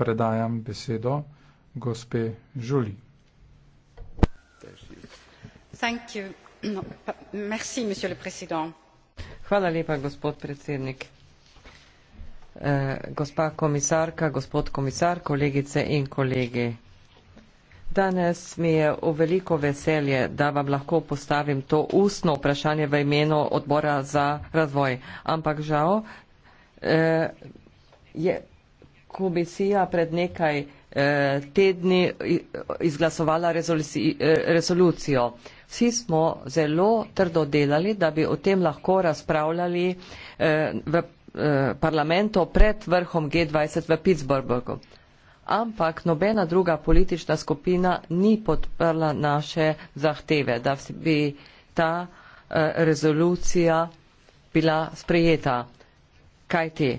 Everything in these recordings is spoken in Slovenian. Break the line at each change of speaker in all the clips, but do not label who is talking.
predajam besedo gospe Žuli.
No, Hvala lepa, gospod predsednik. Eh, gospa komisarka, gospod komisar, kolegice in kolegi. Danes mi je v veliko veselje, da vam lahko postavim to ustno vprašanje v imenu odbora za razvoj. Ampak žal eh, je komisija pred nekaj eh, tedni izglasovala resolucijo, eh, resolucijo. Vsi smo zelo trdo delali, da bi o tem lahko razpravljali eh, v eh, parlamentu pred vrhom G20 v Pittsburghu. Ampak nobena druga politična skupina ni podprla naše zahteve, da bi ta eh, rezolucija bila sprejeta. Kaj ti?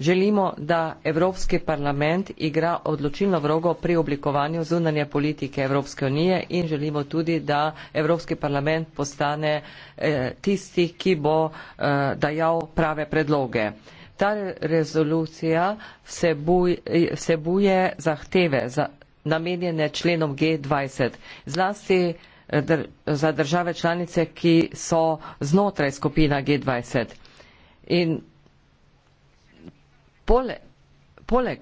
Želimo, da Evropski parlament igra odločilno vlogo pri oblikovanju zunanje politike Evropske unije in želimo tudi, da Evropski parlament postane eh, tisti, ki bo eh, dajal prave predloge. Ta rezolucija vsebuje zahteve namenjene členom G20, zlasti eh, za države članice, ki so znotraj skupina G20. In pole, poleg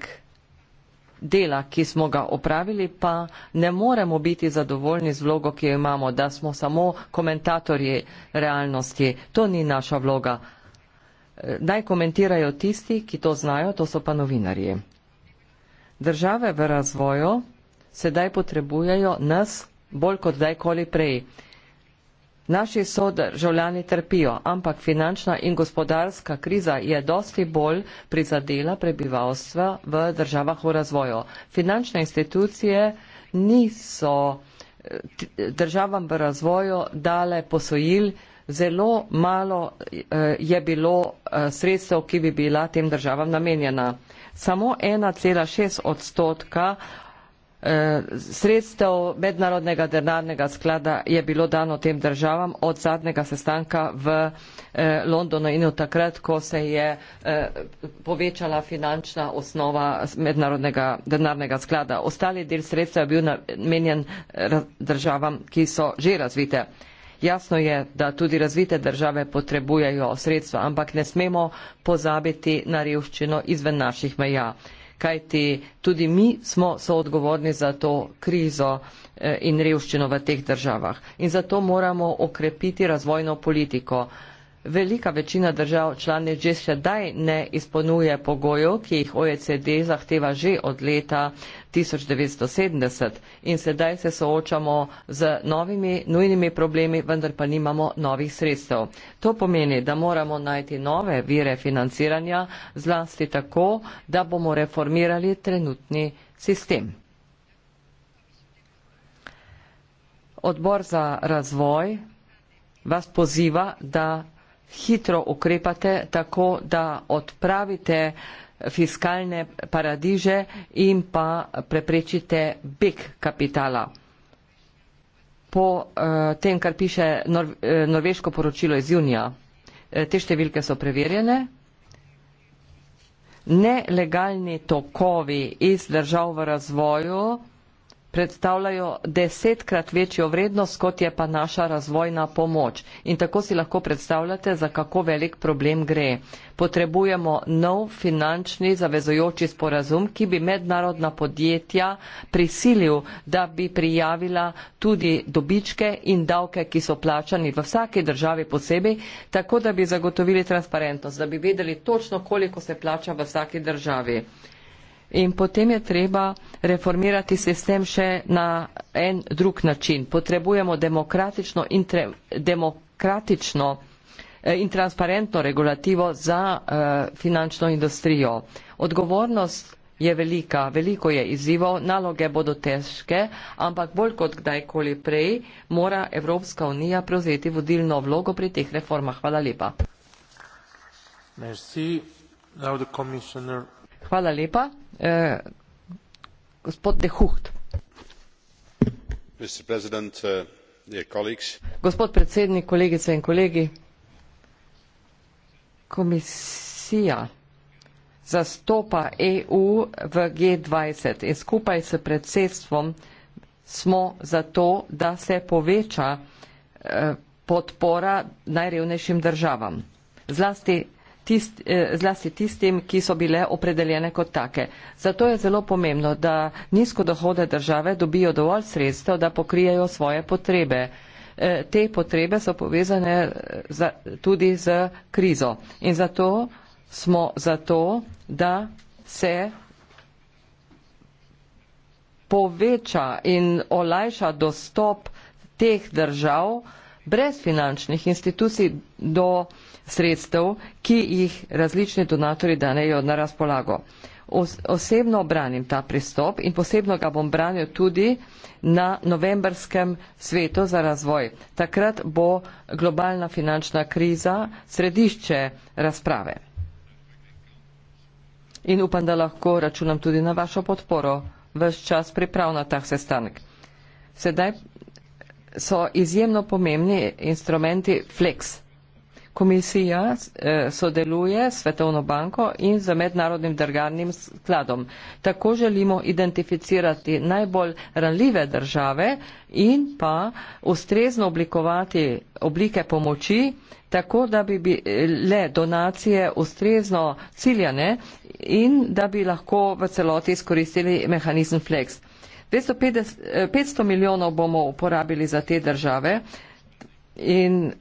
dela, ki smo ga opravili, pa ne moremo biti zadovoljni z vlogo, ki jo imamo, da smo samo komentatorji realnosti. To ni naša vloga. Naj komentirajo tisti, ki to znajo, to so pa novinarji. Države v razvoju sedaj potrebujejo nas bolj kot dajkoli prej. Naši sodržavljani trpijo, ampak finančna in gospodarska kriza je dosti bolj prizadela prebivalstva v državah v razvoju. Finančne institucije niso eh, državam v razvoju dale posojil, zelo malo eh, je bilo eh, sredstev, ki bi bila tem državam namenjena. Samo 1,6 odstotka Eh, sredstev mednarodnega denarnega sklada je bilo dano tem državam od zadnjega sestanka v eh, Londonu in od takrat, ko se je eh, povečala finančna osnova mednarodnega denarnega sklada. Ostali del sredstev je bil namenjen državam, ki so že razvite. Jasno je, da tudi razvite države potrebujejo sredstva, ampak ne smemo pozabiti na revščino izven naših meja kajti tudi mi smo soodgovorni za to krizo eh, in revščino v teh državah. In zato moramo okrepiti razvojno politiko velika večina držav članic že sedaj ne izpolnjuje pogojev, ki jih OECD zahteva že od leta 1970 in sedaj se soočamo z novimi nujnimi problemi, vendar pa nimamo novih sredstev. To pomeni, da moramo najti nove vire financiranja, zlasti tako, da bomo reformirali trenutni sistem. Odbor za razvoj vas poziva, da hitro ukrepate tako, da odpravite fiskalne paradiže in pa preprečite beg kapitala. Po eh, tem, kar piše nor eh, norveško poročilo iz junija, eh, te številke so preverjene. Nelegalni tokovi iz držav v razvoju predstavljajo desetkrat večjo vrednost, kot je pa naša razvojna pomoč. In tako si lahko predstavljate, za kako velik problem gre. Potrebujemo nov finančni zavezojoči sporazum, ki bi mednarodna podjetja prisilil, da bi prijavila tudi dobičke in davke, ki so plačani v vsaki državi posebej, tako da bi zagotovili transparentnost, da bi vedeli točno, koliko se plača v vsaki državi in potem je treba reformirati sistem še na en drug način. Potrebujemo demokratično in, tre, demokratično eh, in transparentno regulativo za uh, finančno industrijo. Odgovornost je velika, veliko je izzivov, naloge bodo težke, ampak bolj kot kdajkoli prej mora Evropska unija prevzeti vodilno vlogo pri teh reformah. Hvala lepa.
Merci. Now the commissioner
Hvala lepa. E, gospod de Hucht.
E,
gospod predsednik, kolegice in kolegi, komisija zastopa EU v G20 in skupaj s predsedstvom smo za to, da se poveča e, podpora najrevnejšim državam, zlasti tist, eh, zlasti tistim, ki so bile opredeljene kot take. Zato je zelo pomembno, da nizko dohode države dobijo dovolj sredstev, da pokrijajo svoje potrebe. Eh, te potrebe so povezane eh, za, tudi z krizo in zato smo zato, da se poveča in olajša dostop teh držav, brez finančnih institucij do sredstev, ki jih različni donatori danejo na razpolago. Osebno branim ta pristop in posebno ga bom branil tudi na novembrskem svetu za razvoj. Takrat bo globalna finančna kriza središče razprave. In upam, da lahko računam tudi na vašo podporo, vse čas priprav na tak sestanek. Sedaj so izjemno pomembni instrumenti FLEX. Komisija eh, sodeluje s Svetovno banko in z mednarodnim drgarnim skladom. Tako želimo identificirati najbolj ranljive države in pa ustrezno oblikovati oblike pomoči, tako da bi bile donacije ustrezno ciljane in da bi lahko v celoti izkoristili mehanizem FLEX. 500 eh, milijonov bomo uporabili za te države in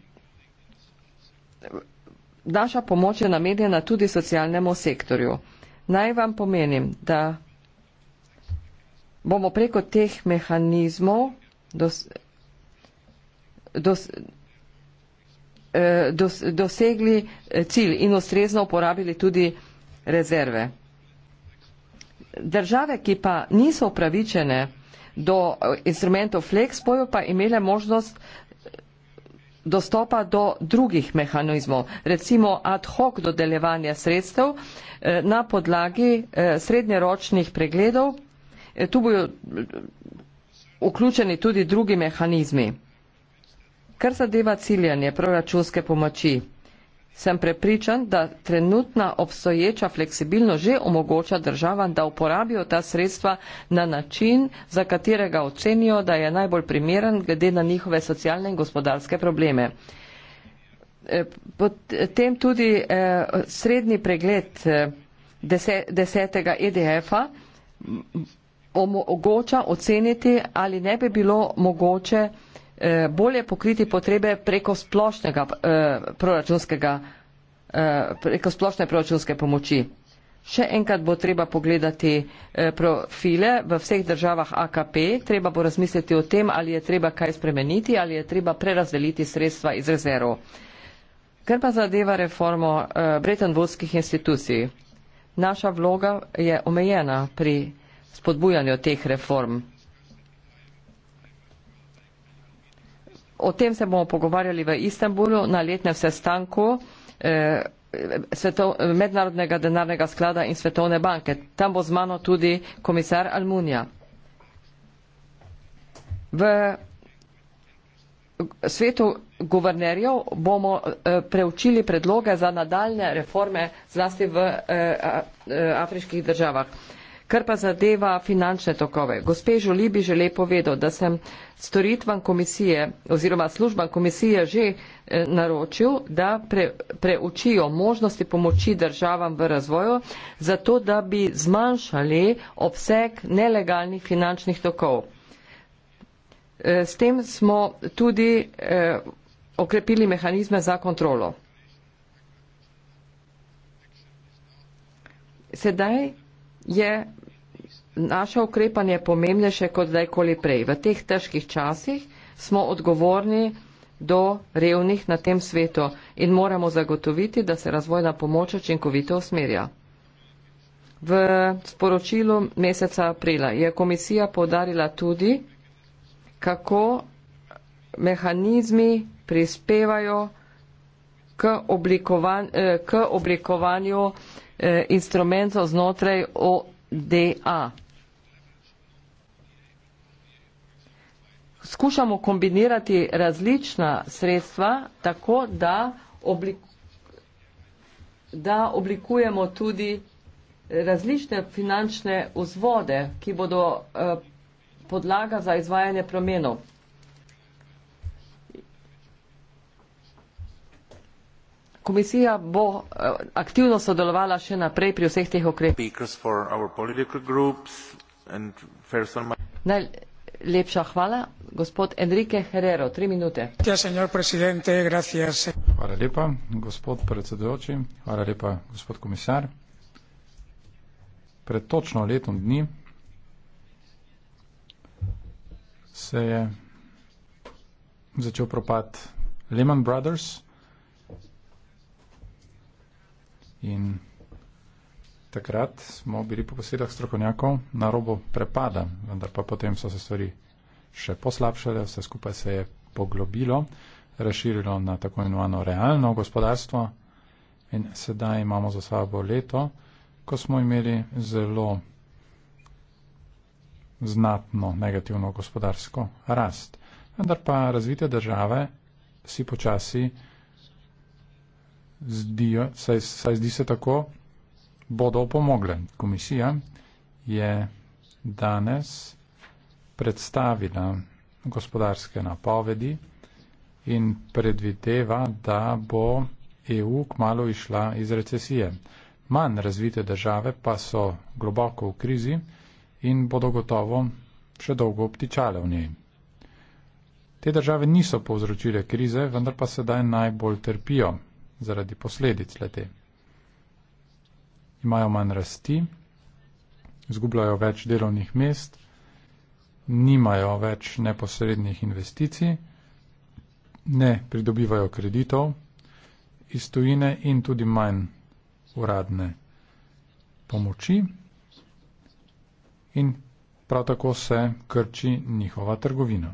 naša pomoč je namenjena tudi socialnemu sektorju. Naj vam pomenim, da bomo preko teh mehanizmov dos, dos, eh, dos, dosegli eh, cilj in ustrezno uporabili tudi rezerve države, ki pa niso upravičene do eh, instrumentov Flex, bojo pa imele možnost dostopa do drugih mehanizmov, recimo ad hoc dodeljevanja sredstev eh, na podlagi eh, srednjeročnih pregledov. Tu bojo vključeni tudi drugi mehanizmi. Kar zadeva ciljanje proračunske pomoči, sem prepričan, da trenutna obstoječa fleksibilnost že omogoča državam, da uporabijo ta sredstva na način, za katerega ocenijo, da je najbolj primeren glede na njihove socialne in gospodarske probleme. E, Potem tudi e, srednji pregled e, desetega EDF-a omogoča oceniti, ali ne bi bilo mogoče Eh, bolje pokriti potrebe preko splošnega eh, proračunskega, eh, preko splošne proračunske pomoči. Še enkrat bo treba pogledati profile v vseh državah AKP, treba bo razmisliti o tem, ali je treba kaj spremeniti, ali je treba prerazdeliti sredstva iz rezerv. Ker pa zadeva reformo Bretton Woodskih institucij, naša vloga je omejena pri spodbujanju teh reform. O tem se bomo pogovarjali v Istanbulu na letnem sestanku eh, Mednarodnega denarnega sklada in Svetovne banke. Tam bo z mano tudi komisar Almunija. V svetu guvernerjev bomo eh, preučili predloge za nadaljne reforme zlasti v eh, afriških državah. Kar pa zadeva finančne tokove. Gospe Žoli bi želel povedal, da sem storitvam komisije oziroma službam komisije že eh, naročil, da pre, preučijo možnosti pomoči državam v razvoju, zato da bi zmanjšali obseg nelegalnih finančnih tokov. Eh, s tem smo tudi eh, okrepili mehanizme za kontrolo. Sedaj je naše ukrepanje pomembnejše kot zdajkoli prej. V teh težkih časih smo odgovorni do revnih na tem svetu in moramo zagotoviti, da se razvojna pomoč učinkovito usmerja. V sporočilu meseca aprila je komisija povdarila tudi, kako mehanizmi prispevajo k oblikovanju, eh, k oblikovanju Eh, instrumentov znotraj ODA. Skušamo kombinirati različna sredstva tako, da, oblik da oblikujemo tudi različne finančne vzvode, ki bodo eh, podlaga za izvajanje promenov. Komisija bo eh, aktivno sodelovala še naprej pri vseh teh ukrepih. Najlepša hvala. Gospod Enrique Herrero, tri minute.
Hvala lepa, gospod predsedujoči, hvala lepa, gospod komisar. Pred točno letom dni se je začel propad Lehman Brothers, In takrat smo bili po posedah strokovnjakov na robu prepada, vendar pa potem so se stvari še poslabšale, vse skupaj se je poglobilo, razširilo na tako imenovano realno gospodarstvo in sedaj imamo za sabo leto, ko smo imeli zelo znatno negativno gospodarsko rast. Vendar pa razvite države si počasi zdijo, saj, saj zdi se tako, bodo opomogle. Komisija je danes predstavila gospodarske napovedi in predvideva, da bo EU kmalo išla iz recesije. Manj razvite države pa so globoko v krizi in bodo gotovo še dolgo obtičale v njej. Te države niso povzročile krize, vendar pa sedaj najbolj trpijo zaradi posledic lete. Imajo manj rasti, izgubljajo več delovnih mest, nimajo več neposrednih investicij, ne pridobivajo kreditov iz tujine in tudi manj uradne pomoči in prav tako se krči njihova trgovina.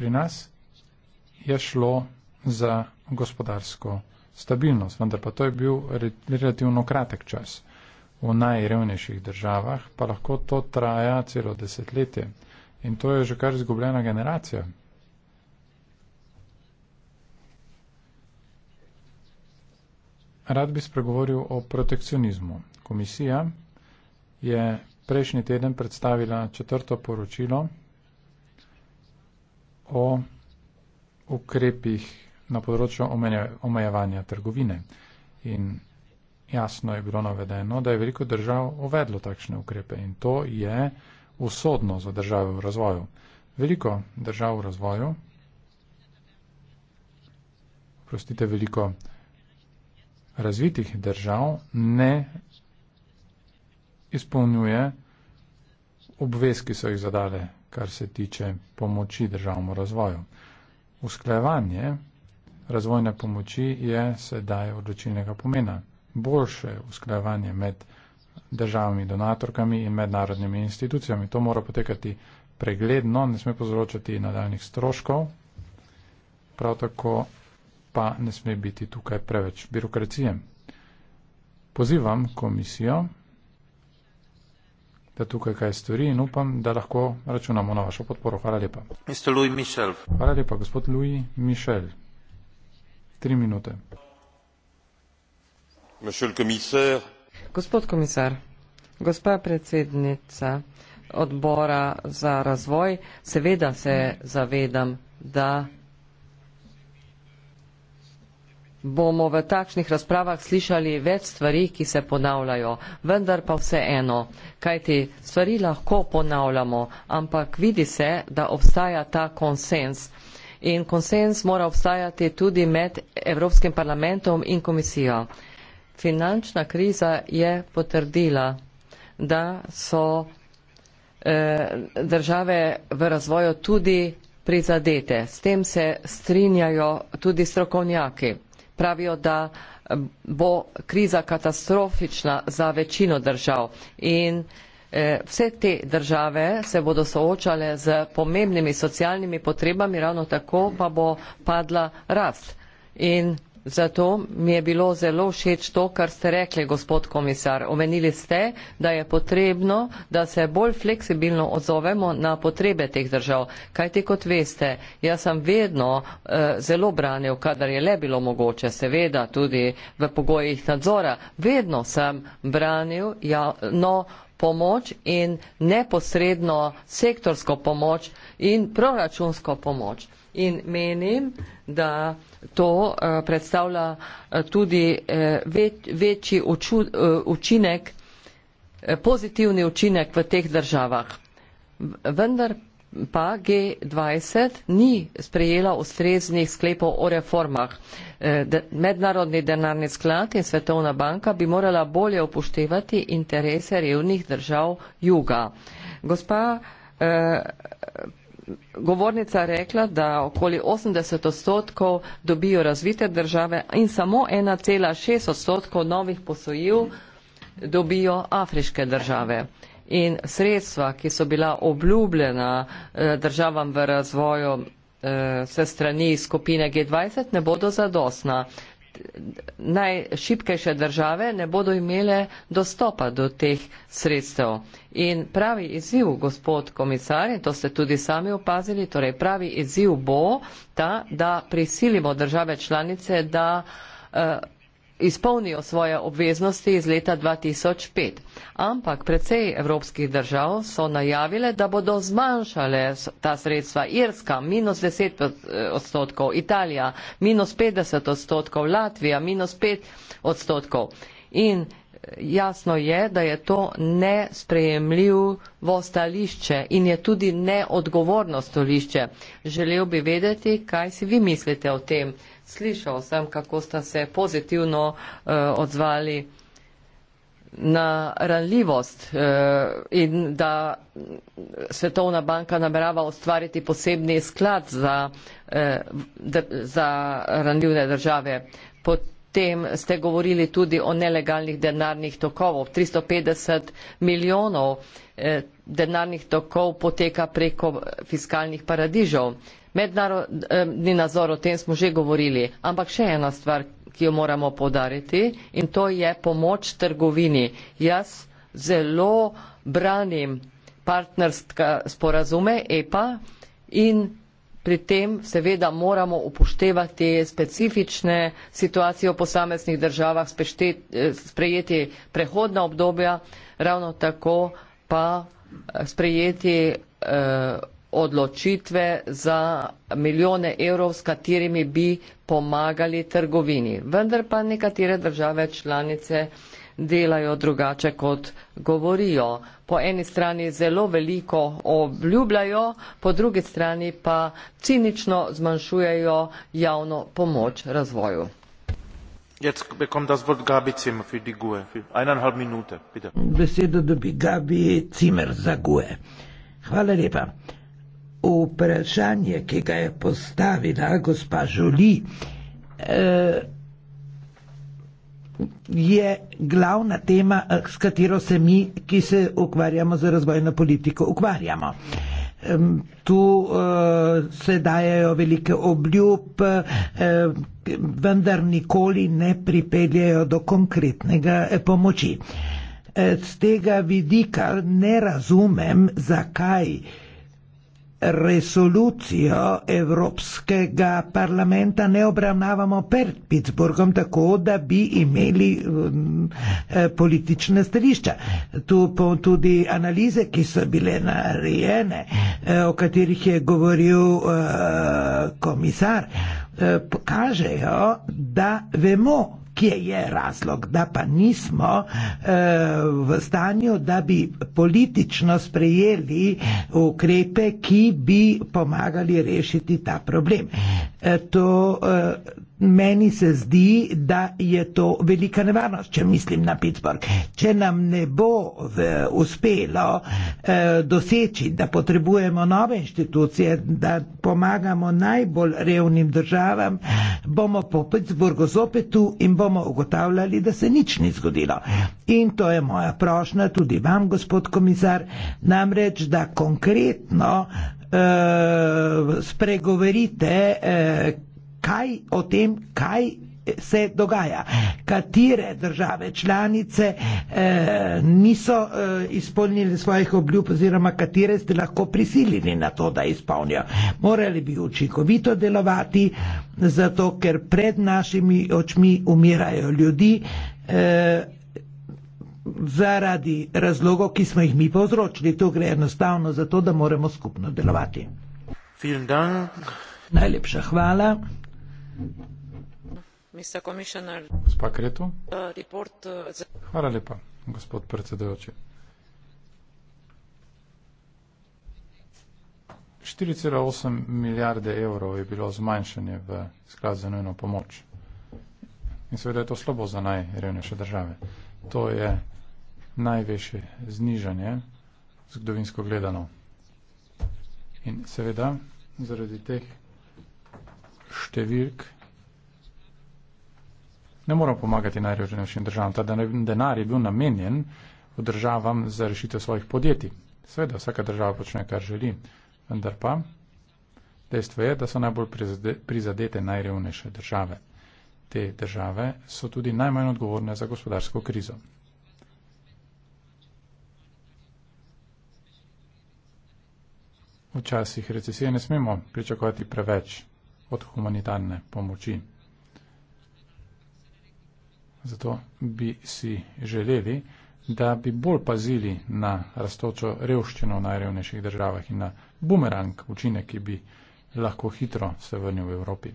pri nas je šlo za gospodarsko stabilnost, vendar pa to je bil relativno kratek čas. V najrevnejših državah pa lahko to traja celo desetletje in to je že kar izgubljena generacija. Rad bi spregovoril o protekcionizmu. Komisija je prejšnji teden predstavila četrto poročilo o ukrepih na področju omejevanja trgovine. In jasno je bilo navedeno, da je veliko držav uvedlo takšne ukrepe in to je usodno za države v razvoju. Veliko držav v razvoju, prostite, veliko razvitih držav ne izpolnjuje obvez, ki so jih zadale kar se tiče pomoči državnemu razvoju. Usklajevanje razvojne pomoči je sedaj odločilnega pomena. Boljše usklajevanje med državami, donatorkami in mednarodnimi institucijami. To mora potekati pregledno, ne sme povzročati nadaljnih stroškov, prav tako pa ne sme biti tukaj preveč birokracije. Pozivam komisijo, da tukaj kaj stori in upam, da lahko računamo na vašo podporo. Hvala lepa. Hvala lepa, gospod Louis Michel. Tri minute.
Gospod komisar, gospa predsednica odbora za razvoj, seveda se zavedam, da bomo v takšnih razpravah slišali več stvari, ki se ponavljajo, vendar pa vse eno, kajti stvari lahko ponavljamo, ampak vidi se, da obstaja ta konsens. In konsens mora obstajati tudi med Evropskim parlamentom in komisijo. Finančna kriza je potrdila, da so eh, države v razvoju tudi prizadete. S tem se strinjajo tudi strokovnjaki pravijo, da bo kriza katastrofična za večino držav in eh, vse te države se bodo soočale z pomembnimi socialnimi potrebami, ravno tako pa bo padla rast. In Zato mi je bilo zelo všeč to, kar ste rekli, gospod komisar. Omenili ste, da je potrebno, da se bolj fleksibilno odzovemo na potrebe teh držav. Kaj ti kot veste, jaz sem vedno eh, zelo branil, kadar je le bilo mogoče, seveda tudi v pogojih nadzora, vedno sem branil javno pomoč in neposredno sektorsko pomoč in proračunsko pomoč in menim, da to uh, predstavlja eh, tudi uh, eh, več, večji uču, uh, učinek, uh, pozitivni učinek v teh državah. Vendar pa G20 ni sprejela ustreznih sklepov o reformah. Mednarodni denarni sklad in Svetovna banka bi morala bolje upoštevati interese revnih držav juga. Gospa eh, govornica rekla, da okoli 80 odstotkov dobijo razvite države in samo 1,6 odstotkov novih posojil dobijo afriške države. In sredstva, ki so bila obljubljena eh, državam v razvoju eh, se strani skupine G20, ne bodo zadosna najšipkejše države ne bodo imele dostopa do teh sredstev. In pravi izziv, gospod komisar, in to ste tudi sami opazili, torej pravi izziv bo ta, da prisilimo države članice, da uh, izpolnijo svoje obveznosti iz leta 2005. Ampak precej evropskih držav so najavile, da bodo zmanjšale ta sredstva. Irska minus 10 eh, odstotkov, Italija minus 50 odstotkov, Latvija minus 5 odstotkov. In jasno je, da je to nesprejemljivo stališče in je tudi neodgovorno stališče. Želel bi vedeti, kaj si vi mislite o tem. Slišal sem, kako ste se pozitivno uh, odzvali na ranljivost uh, in da Svetovna banka namerava ustvariti posebni sklad za, uh, za ranljive države. Pot tem ste govorili tudi o nelegalnih denarnih tokovih. 350 milijonov eh, denarnih tokov poteka preko fiskalnih paradižov. Mednarodni nadzor, o tem smo že govorili. Ampak še ena stvar, ki jo moramo podariti in to je pomoč trgovini. Jaz zelo branim partnerska sporazume EPA in pri tem seveda moramo upoštevati specifične situacije v posameznih državah, eh, sprejeti prehodna obdobja, ravno tako pa eh, sprejeti eh, odločitve za milijone evrov, s katerimi bi pomagali trgovini. Vendar pa nekatere države članice delajo drugače, kot govorijo. Po eni strani zelo veliko obljubljajo, po drugi strani pa cinično zmanjšujejo javno pomoč
razvoju.
Jetzt bekommt das Wort Gabi Zimmer für die GUE. Für eineinhalb
Minute, bitte. Besedo dobi Gabi Zimmer za GUE. Hvala lepa. Vprašanje, ki ga je postavila gospa Žuli, eh, je glavna tema, eh, s katero se mi, ki se ukvarjamo z razvojno politiko, ukvarjamo. Tu uh, se dajajo velike obljub, uh, vendar nikoli ne pripeljajo do konkretnega pomoči. Z tega vidika ne razumem, zakaj uh, Resolucijo Evropskega parlamenta ne obravnavamo pred Pittsburghom tako, da bi imeli um, mm, eh, politične stališča. Tu pa tudi analize, ki so bile narejene, eh, o katerih je govoril uh, komisar, pokažejo, da vemo, kje je razlog, da pa nismo eh, v stanju, da bi politično sprejeli ukrepe, ki bi pomagali rešiti ta problem. Eh, to, eh, Meni se zdi, da je to velika nevarnost, če mislim na Pittsburgh. Če nam ne bo v, uspelo e, doseči, da potrebujemo nove inštitucije, da pomagamo najbolj revnim državam, bomo po Pittsburghu zopet tu in bomo bomo ugotavljali, da se nič ni zgodilo. In to je moja prošnja tudi vam, gospod komisar, namreč, da konkretno e, spregovorite, e, kaj o tem, kaj se dogaja, katere države članice eh, niso eh, izpolnili svojih obljub oziroma katere ste lahko prisilili na to, da izpolnijo. Morali bi učinkovito delovati, zato ker pred našimi očmi umirajo ljudi eh, zaradi razlogov, ki smo jih mi povzročili. To gre enostavno zato, da moramo skupno delovati. Najlepša hvala. Thank
you. Uh, uh,
Hvala lepa, gospod predsedujoči. 4,8 milijarde evrov je bilo zmanjšanje v sklad za nujno pomoč. In seveda je to slabo za najrevnejše države. To je največje znižanje, zgodovinsko gledano. In seveda, zaradi teh številk ne moremo pomagati najrevnejšim državam. Ta denar je bil namenjen državam za rešitev svojih podjetij. Sveda, vsaka država počne, kar želi, vendar pa dejstvo je, da so najbolj prizadete najrevnejše države. Te države so tudi najmanj odgovorne za gospodarsko krizo. Včasih recesije ne smemo pričakovati preveč od humanitarne pomoči. Zato bi si želeli, da bi bolj pazili na rastočo revščino v najrevnejših državah in na bumerang učinek, ki bi lahko hitro se vrnil v Evropi.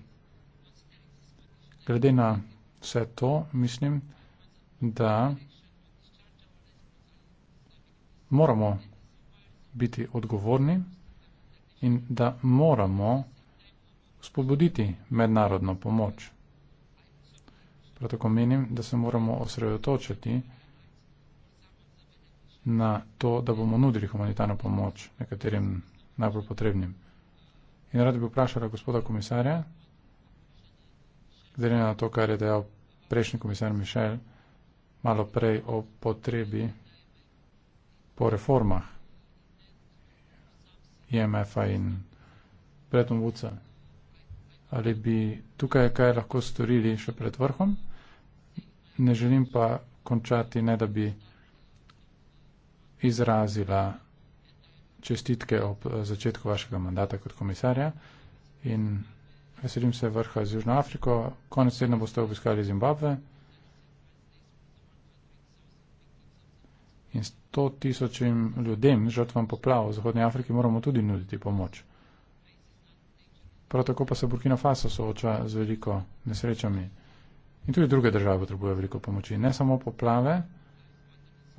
Glede na vse to, mislim, da moramo biti odgovorni in da moramo spobuditi mednarodno pomoč. Prav tako menim, da se moramo osredotočiti na to, da bomo nudili humanitarno pomoč nekaterim najbolj potrebnim. In rad bi vprašala gospoda komisarja, glede na to, kar je dejal prejšnji komisar Mišel, malo prej o potrebi po reformah IMF-a in Bretton Woodsa. Ali bi tukaj kaj lahko storili še pred vrhom? ne želim pa končati, ne da bi izrazila čestitke ob eh, začetku vašega mandata kot komisarja in veselim se vrha z Južno Afriko. Konec tedna boste obiskali Zimbabve in 100 tisočim ljudem, žrtvam poplav v Zahodnji Afriki, moramo tudi nuditi pomoč. Prav tako pa se Burkina Faso sooča z veliko nesrečami. In tudi druge države potrebujejo veliko pomoči. Ne samo poplave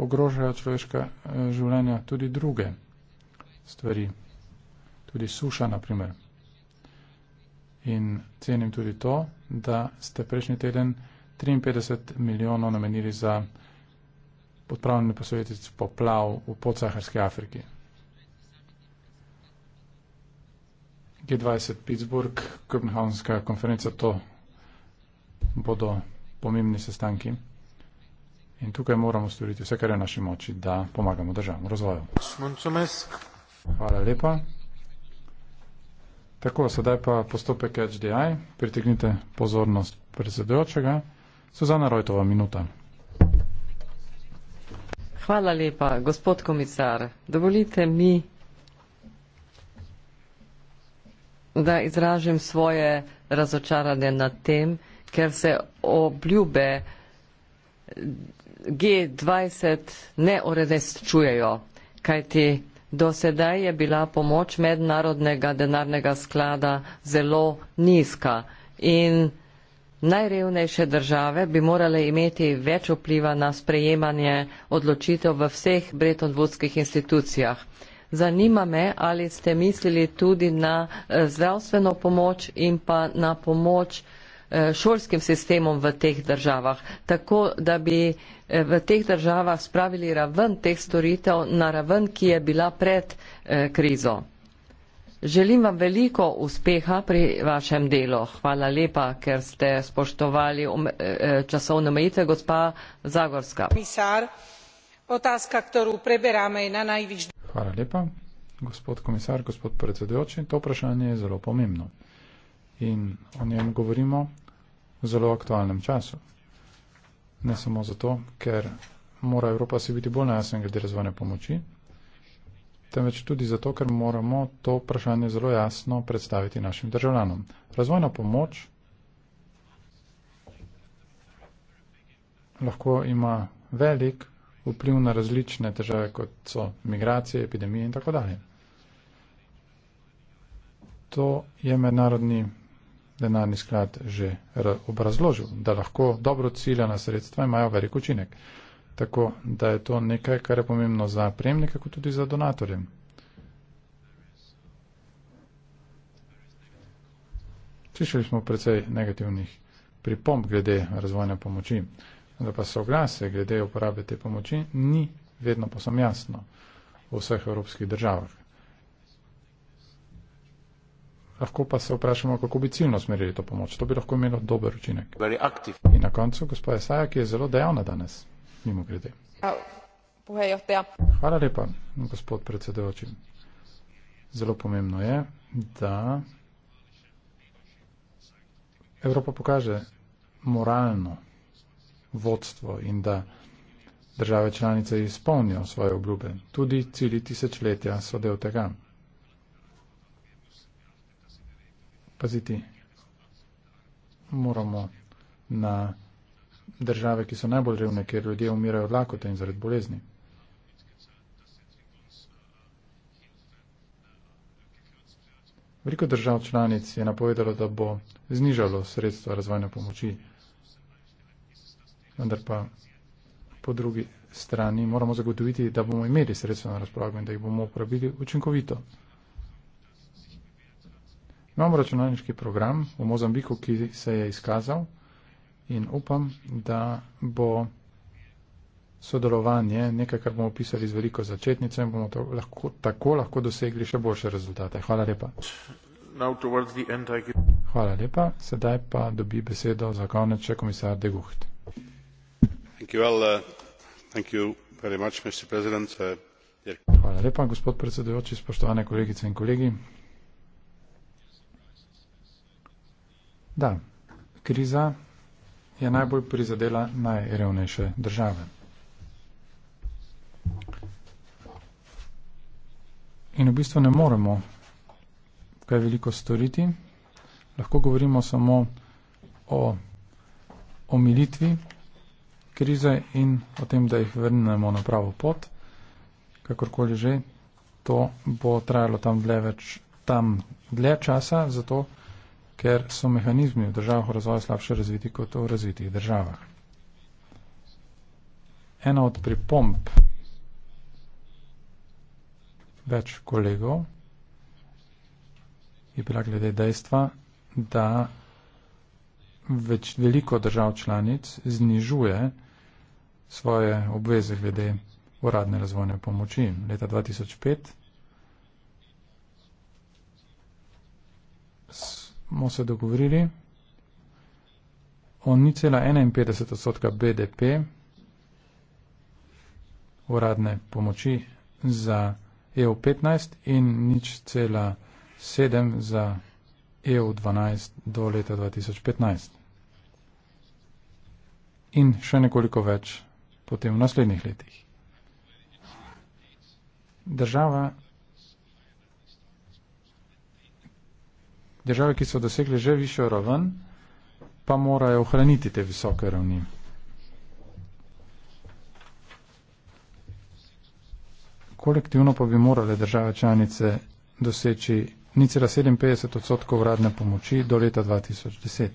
ogrožajo človeška eh, življenja, tudi druge stvari. Tudi suša, na primer. In cenim tudi to, da ste prejšnji teden 53 milijonov namenili za odpravljanje posledic poplav v podsaharski Afriki. G20 Pittsburgh, Kopenhavnska konferenca to bodo pomembni sestanki. In tukaj moramo storiti vse, kar je v naši moči, da pomagamo državnemu razvoju. Hvala lepa. Tako, sedaj pa postopek HDI. Pritegnite pozornost predsedujočega. Suzana Rojtova, minuta.
Hvala lepa, gospod komisar. Dovolite mi, da izražem svoje razočaranje nad tem, da ker se obljube G20 ne uresničujejo, kajti do sedaj je bila pomoč mednarodnega denarnega sklada zelo nizka in najrevnejše države bi morale imeti več vpliva na sprejemanje odločitev v vseh bretonvudskih institucijah. Zanima me, ali ste mislili tudi na eh, zdravstveno pomoč in pa na pomoč Eh, šolskim sistemom v teh državah, tako da bi eh, v teh državah spravili raven teh storitev na raven, ki je bila pred eh, krizo. Želim vam veliko uspeha pri vašem delu. Hvala lepa, ker ste spoštovali časovno omejitev, gospa Zagorska. Komisar, otázka, ktorú preberáme, je na najvišji.
Hvala lepa, gospod komisar, gospod predsedujoči. To vprašanje je zelo pomembno in o njem govorimo v zelo aktualnem času. Ne samo zato, ker mora Evropa se biti bolj najasen glede razvojne pomoči, temveč tudi zato, ker moramo to vprašanje zelo jasno predstaviti našim državljanom. Razvojna pomoč lahko ima velik vpliv na različne težave, kot so migracije, epidemije in tako dalje. To je mednarodni denarni sklad že obrazložil, da lahko dobro ciljana sredstva imajo velik učinek. Tako da je to nekaj, kar je pomembno za prejemnika, kot tudi za donatorje. Slišali smo precej negativnih pripomb glede razvojne pomoči, da pa so glase glede uporabe te pomoči ni vedno posem jasno v vseh evropskih državah. Lahko pa se vprašamo, kako bi ciljno smerili to pomoč. To bi lahko imelo dober učinek. In na koncu gospoda Saja, ki je zelo dejavna danes, mimo grede. Ja, Hvala lepa, gospod predsedojoči. Zelo pomembno je, da Evropa pokaže moralno vodstvo in da države članice izpolnijo svoje obljube. Tudi cilji tisečletja so del tega. paziti, moramo na države, ki so najbolj revne, kjer ljudje umirajo od lakote in zaradi bolezni. Veliko držav članic je napovedalo, da bo znižalo sredstva razvojne pomoči, vendar pa po drugi strani moramo zagotoviti, da bomo imeli sredstva na razpolago in da jih bomo uporabili učinkovito. Imam računalniški program v Mozambiku, ki se je izkazal in upam, da bo sodelovanje nekaj, kar bomo opisali z veliko začetnico in bomo lahko, tako lahko dosegli še boljše rezultate. Hvala lepa. Hvala lepa. Sedaj pa dobi besedo za konec še komisar De Gucht. Uh, uh, Hvala lepa, gospod predsedujoči, spoštovane kolegice in kolegi. Da, kriza je najbolj prizadela najrevnejše države. In v bistvu ne moremo kaj veliko storiti, lahko govorimo samo o omilitvi krize in o tem, da jih vrnemo na pravo pot, kakorkoli že, to bo trajalo tam dlje, več, tam dlje časa, zato ker so mehanizmi v državah v razvoju slabše razviti kot v razvitih državah. Ena od pripomb več kolegov je bila glede dejstva, da več veliko držav članic znižuje svoje obveze glede uradne razvojne pomoči. Leta 2005 smo se dogovorili o 0,51 odstotka BDP uradne pomoči za EU15 in 0,7 za EU12 do leta 2015. In še nekoliko več potem v naslednjih letih. Država države, ki so dosegli že višjo raven, pa morajo ohraniti te visoke ravni. Kolektivno pa bi morale države članice doseči 57 odstotkov vradne pomoči do leta 2010.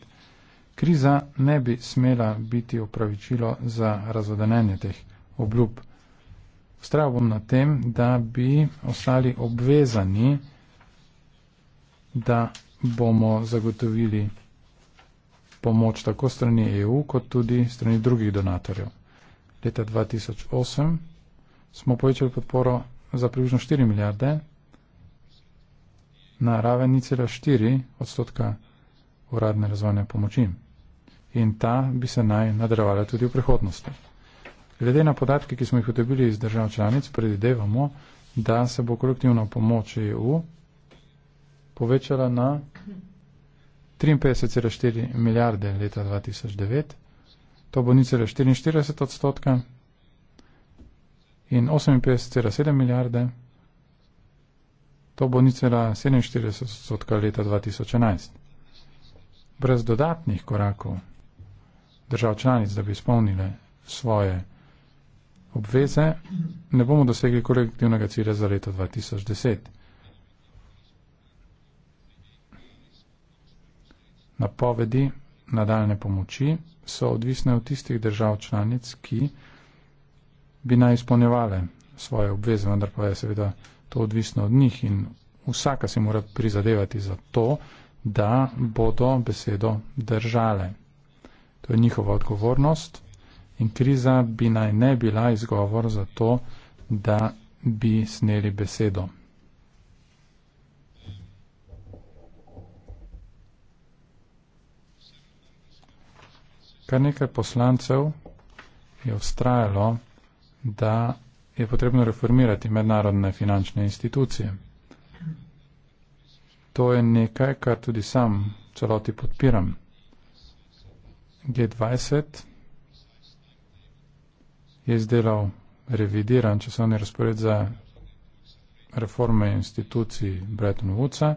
Kriza ne bi smela biti opravičilo za razodanenje teh obljub. Vstrajal bom na tem, da bi ostali obvezani, da bomo zagotovili pomoč tako strani EU, kot tudi strani drugih donatorjev. Leta 2008 smo povečali podporo za približno 4 milijarde na raven 0,4 odstotka uradne razvojne pomoči. In ta bi se naj nadaljevala tudi v prihodnosti. Glede na podatke, ki smo jih odobili iz držav članic, predvidevamo, da se bo kolektivna pomoč EU povečala na 53,4 milijarde leta 2009. To bo nicele 44 odstotka in 58,7 milijarde. To bo nicele 47 odstotka leta 2011. Brez dodatnih korakov držav članic, da bi izpolnile svoje obveze, ne bomo dosegli kolektivnega cilja za leto 2010. napovedi nadaljne pomoči so odvisne od tistih držav članic, ki bi naj izpolnjevale svoje obveze, vendar pa je seveda to odvisno od njih in vsaka si mora prizadevati za to, da bodo besedo držale. To je njihova odgovornost in kriza bi naj ne bila izgovor za to, da bi sneli besedo. kar nekaj poslancev je ustrajalo, da je potrebno reformirati mednarodne finančne institucije. To je nekaj, kar tudi sam celoti podpiram. G20 je izdelal revidiran časovni razpored za reforme institucij Bretton Woodsa.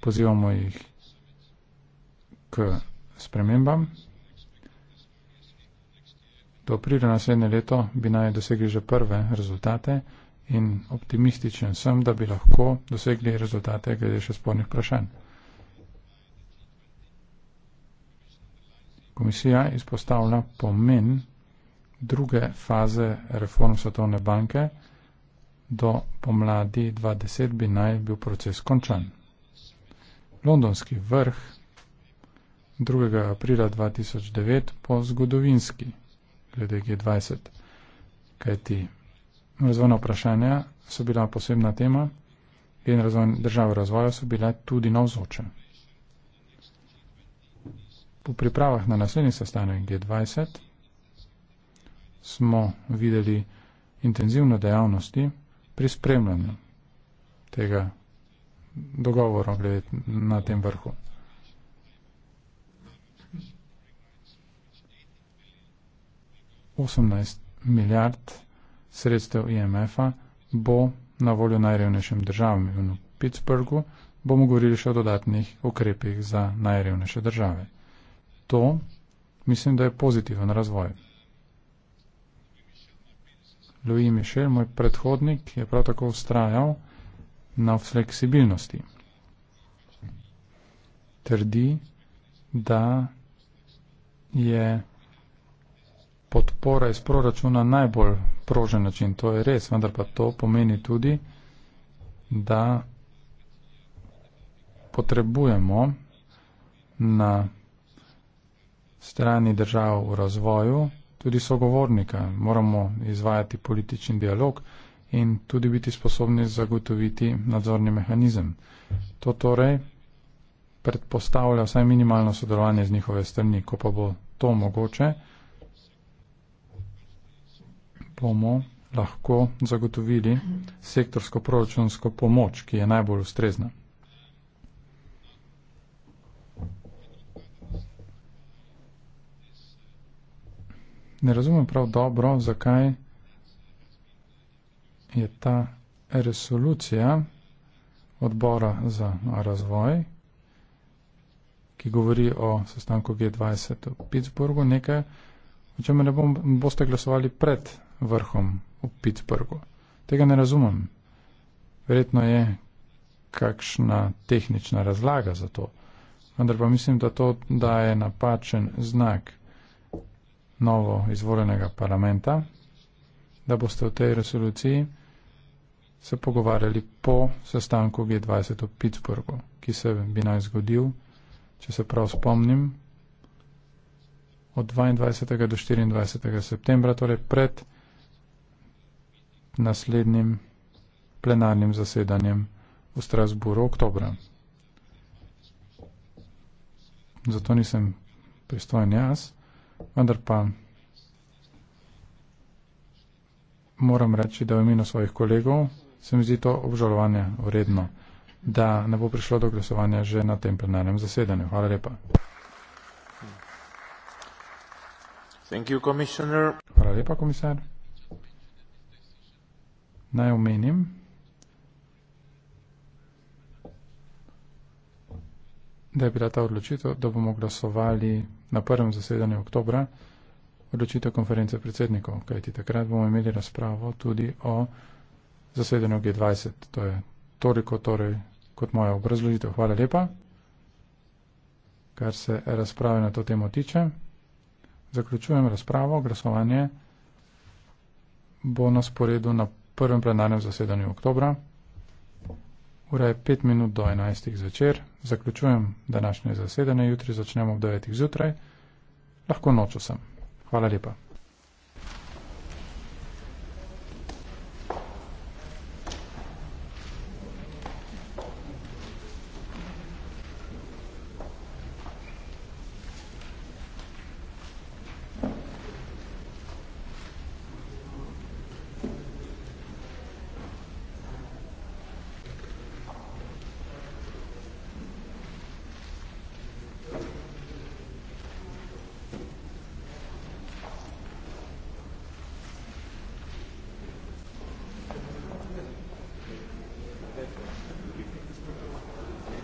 Pozivamo jih k spremembam. Do aprila naslednje leto bi naj dosegli že prve rezultate in optimističen sem, da bi lahko dosegli rezultate glede še spornih vprašanj. Komisija izpostavlja pomen druge faze reform Svetovne banke. Do pomladi 2010 bi naj bil proces končan. Londonski vrh 2. aprila 2009 po zgodovinski glede G20. Kajti razvojna vprašanja so bila posebna tema in razvoj, države razvoja so bile tudi na vzoče. Po pripravah na naslednji sestanek G20 smo videli intenzivne dejavnosti pri spremljanju tega dogovora glede na tem vrhu. 18 milijard sredstev IMF-a bo na voljo najrevnejšim državam in v Pittsburghu bomo govorili še o dodatnih ukrepih za najrevnejše države. To mislim, da je pozitiven razvoj. Louis Michel, moj predhodnik, je prav tako ustrajal na fleksibilnosti. Trdi, da je podpora iz proračuna najbolj prožen način, to je res, vendar pa to pomeni tudi, da potrebujemo na strani držav v razvoju tudi sogovornika, moramo izvajati politični dialog in tudi biti sposobni zagotoviti nadzorni mehanizem. To torej predpostavlja vsaj minimalno sodelovanje z njihove strani, ko pa bo to mogoče, bomo lahko zagotovili sektorsko proračunsko pomoč, ki je najbolj ustrezna. Ne razumem prav dobro, zakaj je ta resolucija odbora za razvoj, ki govori o sestanku G20 v Pittsburghu, nekaj, o čem ne bom, boste glasovali pred vrhom v Pittsburghu. Tega ne razumem. Verjetno je kakšna tehnična razlaga za to, vendar pa mislim, da to daje napačen znak novo izvoljenega parlamenta, da boste v tej resoluciji se pogovarjali po sestanku G20 v Pittsburghu, ki se bi naj zgodil, če se prav spomnim, od 22. do 24. septembra, torej pred naslednjim plenarnim zasedanjem v Strasburu oktobra. Zato nisem pristojen jaz, vendar pa moram reči, da v imenu svojih kolegov se mi zdi to obžalovanje vredno, da ne bo prišlo do glasovanja že na tem plenarnem zasedanju. Hvala lepa. Thank you, Commissioner. Hvala lepa, komisar naj omenim. Da je bila ta odločitev, da bomo glasovali na prvem zasedanju oktobra, odločitev konference predsednikov, kajti takrat bomo imeli razpravo tudi o zasedanju G20. To je toliko torej kot moja obrazložitev. Hvala lepa, kar se razprave na to temo tiče. Zaključujem razpravo, glasovanje bo na sporedu na prvem plenarnem zasedanju oktobra. Ura je 5 minut do 11. zvečer. Zaključujem današnje zasedanje. Jutri začnemo ob 9. zjutraj. Lahko noč sem. Hvala lepa.